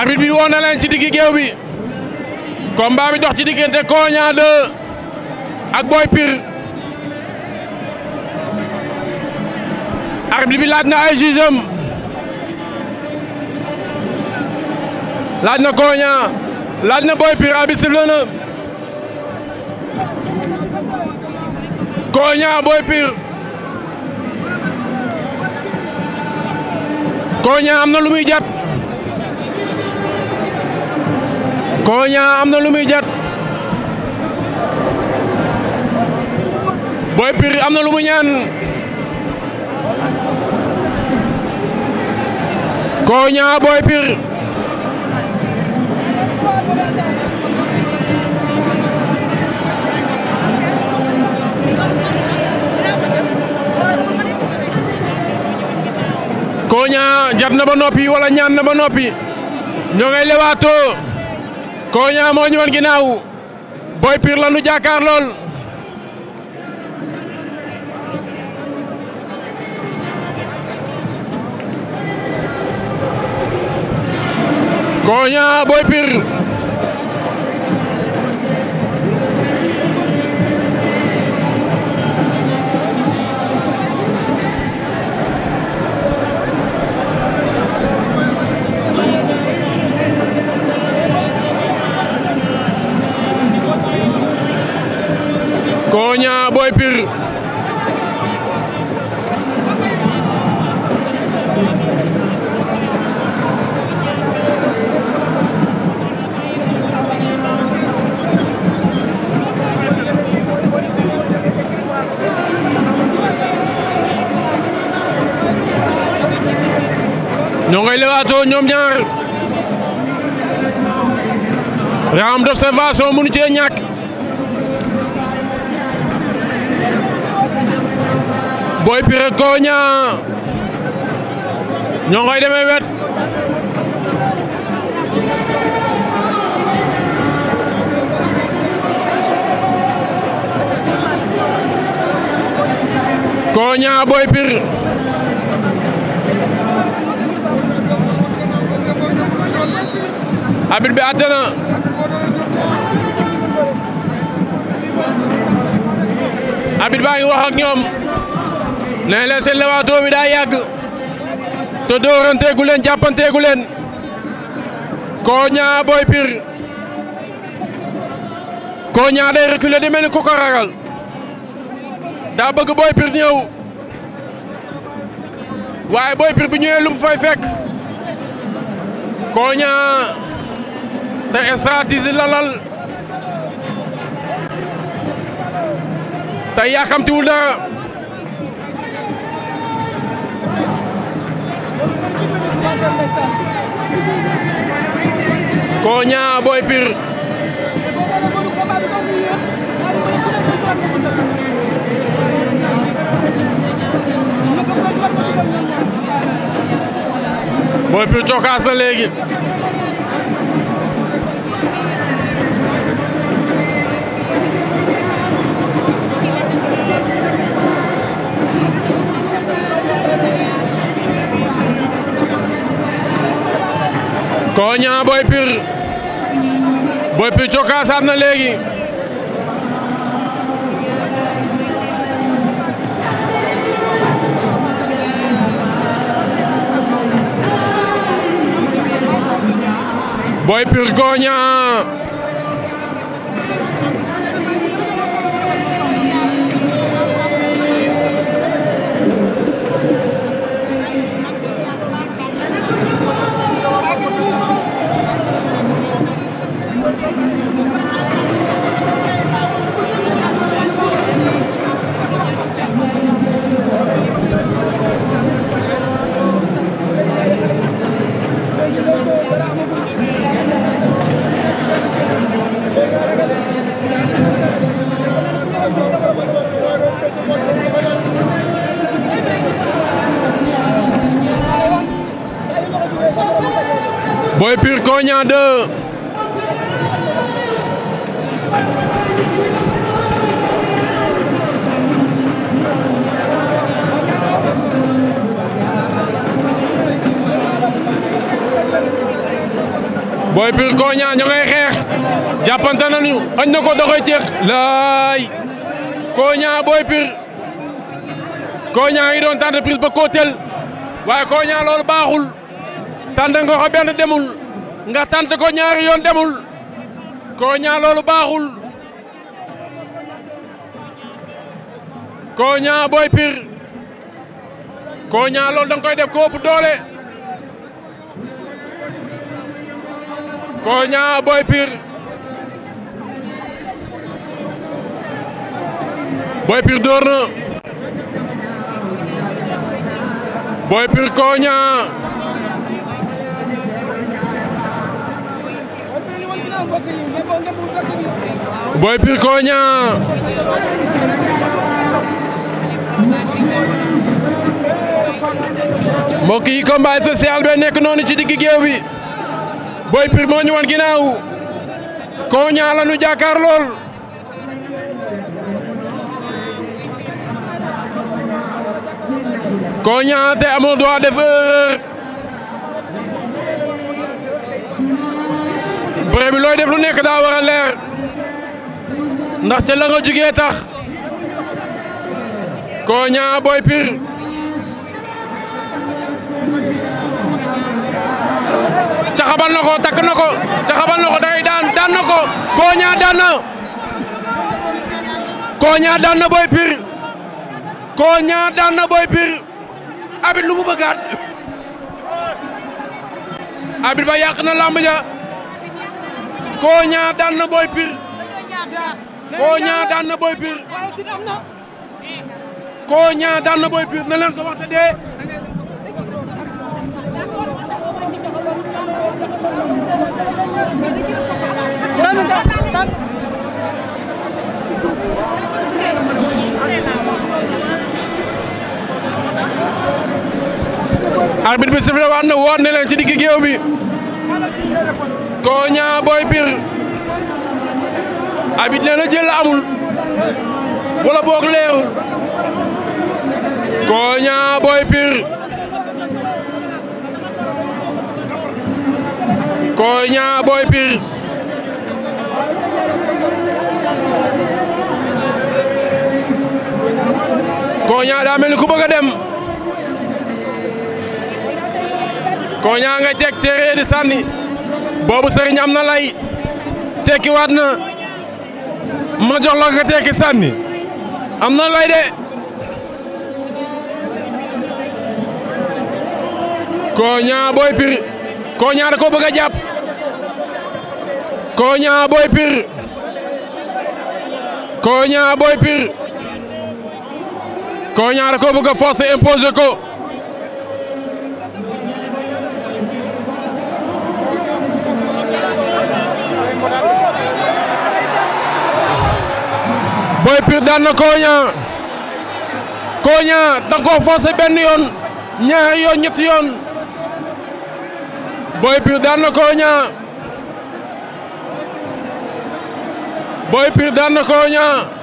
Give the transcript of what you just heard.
arbitre bi woon ci diggi geew bi combat bi dox ci diggante Konia 2 ak Boy Pire arbitre bi laaj na ay juge am laaj na Konia laaj na Boy Pire arbitre am na lu muy Koña am na lu muy jat Boy Pire am na lu mu ñaan Koña Boy Pire Koña jat na ba noppi ñaan na ba noppi ñoo ngay lewaatoo Koña moo ñu woon ginnaaw Boy la nu jàkkaar lool Koña Boy Pire Konia Boy Pire ñoo ngay lewaatoo ñoom ñaar round d'observation mënu cee ñàkk Boy Pire Konia ñoo ngoy demee wet Konia Boy Pire arbitre bi àtte na arbitre baa ngi wax ak ñoom nee seen lewaatoo bi daa yàgg te dóoranteegu leen jàppanteegu leen Konia Boy Pire Konia day reculer di mel ni ku daa bëgg Boy Pire waaye Boy Pire bu ñëwee lu mu fay fekk Konia te stratégie la te yàkkamtiwul dara production ñaa Boy Pire Boy Pire cokaas na Boy Pire cokkaasaat na léegi Boy Pire Gogna Boy Pire Konia 2 Boy Pire xeex jàppante nañu añ na ko da teex laay Konia Boy Pire Konia ngi doon tenter prise ba koo waaye Konia loolu baaxul tànn nga ko benn demul nga tànt ko ñaari yoon demul Koña loolu baaxul Koña Boy Pire Koña loolu da nga koy def ko ëpp doole Koña Boy Pire Boy Pire door na Boy Boy Pire Kogna mbokk yi combat spécial be nekk noonu ci digg géew bi Boy Pire moo wan ginnaaw Kogna la ñu jàkkaar lool Kogna te amul droit def erreur looy def lu nekk daa war a leer ko takk na ko abit lu mu bëggaat abit ba yàq na làmb ja Koña daan na Boy Pire. Koña daan na Boy Pire. Koña daan na Boy Pire dee. ci digg géew bi. Koña Boy Pire abit nee na jël amul wala boog leerul Koña Boy Pire Koña Boy Pire Koña daa mel ni ku bëgg a dem Koña nga teg téere boobu sëriñ am na lay tekkiwaat na ma jox la nga tekki sànni am na lay de Konia Boy Pire Konia da ko bëgg a jàpp Konia Boy Pire Konia Boy Pire ko bëgg a forcer imposer ko daan na Konia Konia yoon ñaari yoon ñetti yoon Boy Pire daan na Konia Boy Pire daan